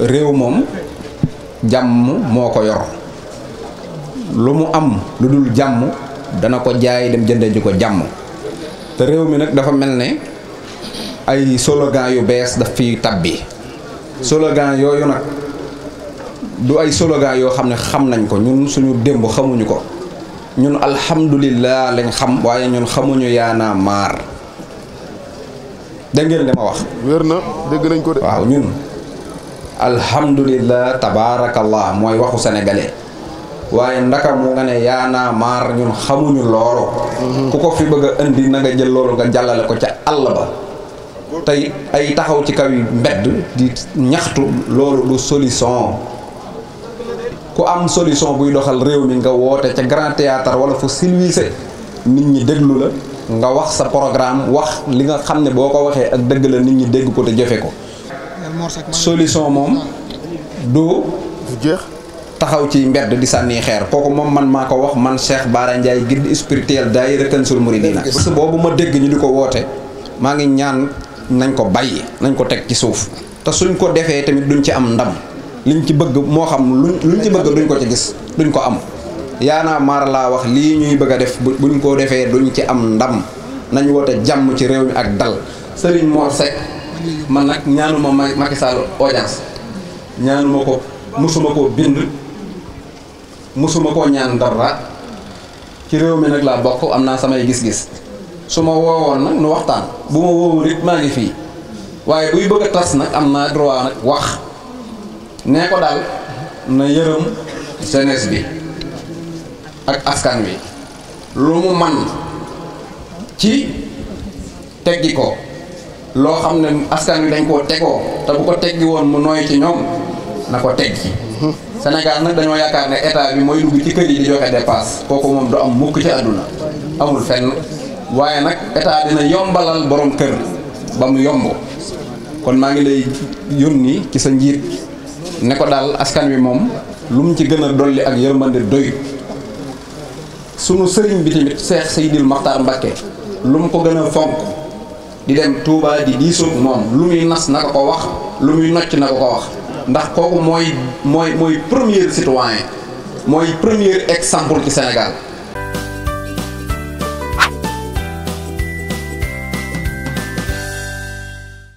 réew moom jàmm moo ko yor lu mu am lu dul jàmm dana ko jaay dem jëndee ko jàmm te réew mi nag dafa mel ne ay slogan yu bees daf fi bi sologan yooyu nag du ay slogan yoo xam ne xam nañ ko ñun suñu démb xamuñu ko ñun alhamdulillah lañ xam waaye ñun xamuñu yaanaa maar dégg ngeen ma wax. wér na dégg nañ ko de. waaw ñun. alhamdulillah tabaarakallah mooy waxu sénégalais waaye ndaka mu nga ne yaanaa maar ñun xamuñu loolu mhm. ku ko fi bëgg a indi na jël loolu nga jàllale ko ca àll ba tey ay taxaw ci kaw yi mbedd di ñaxtu loolu du solution ku am solution buy doxal réew mi nga woote ca grand théâtre wala fu civilisé nit ñi déglu la nga wax sa programme wax li nga xam ne boo ko waxee ak dëgg la nit ñi dégg ko te jëfe ko solution moom du jeex taxaw ci mbedd di sànni xeer kooku moom man maa ko wax man Cheikh Bara Ndiaye guide spirituel daayira Kanzul Mouridina bés boobu ma dégg ñu di ko woote maa ngi ñaan nañ ko bàyyi nañ ko teg ci suuf te suñ ko defee tamit duñ ci am ndam liñ ci bëgg moo xam luñ luñ ci bëgg duñ ko ci gis duñ ko am yaanaa maar laa wax lii ñuy bëgg a def buñ ko defee duñ ci am ndam nañ woote jàmm ci réew mi ak dal Serigne Mor Seck man nag ñaanuma Macky Sall ñaanuma ko mësuma koo bind mësuma koo ñaan dara ci réew mi nag laa bokk am naa samay gis-gis su ma woowoon nag nu waxtaan bu ma maa ngi fii waaye buy bëgg tas nag am naa droit nag wax nee ko daal na yërëm jeunesse bi ak askan wi lu mu man ci teggi ko loo xam ne askan wi dañ koo tegoo te bu ko teggi woon mu nooy ci ñoom na ko teggi Sénégal nag dañoo yaakaar ne état bi mooy dugg ci kër yi di joxe dépasse kooku moom du am mukk ci àdduna amul fenn waaye nag état dina yombalal boroom kër ba mu yomb kon maa ngi lay ni ci sa njiit ne ko daal askan wi moom lu mu ci gën a dolli ak yërmande doy sunu sëriñ bi tamit Seex Seydil Maxtaar Mbàkke lu mu ko gën a fonk di dem Touba di diisoog moom lu muy nas na ko ko wax lu muy nocc na ko ko wax ndax kooku mooy mooy mooy premier citoyen mooy premier exemple ci Sénégal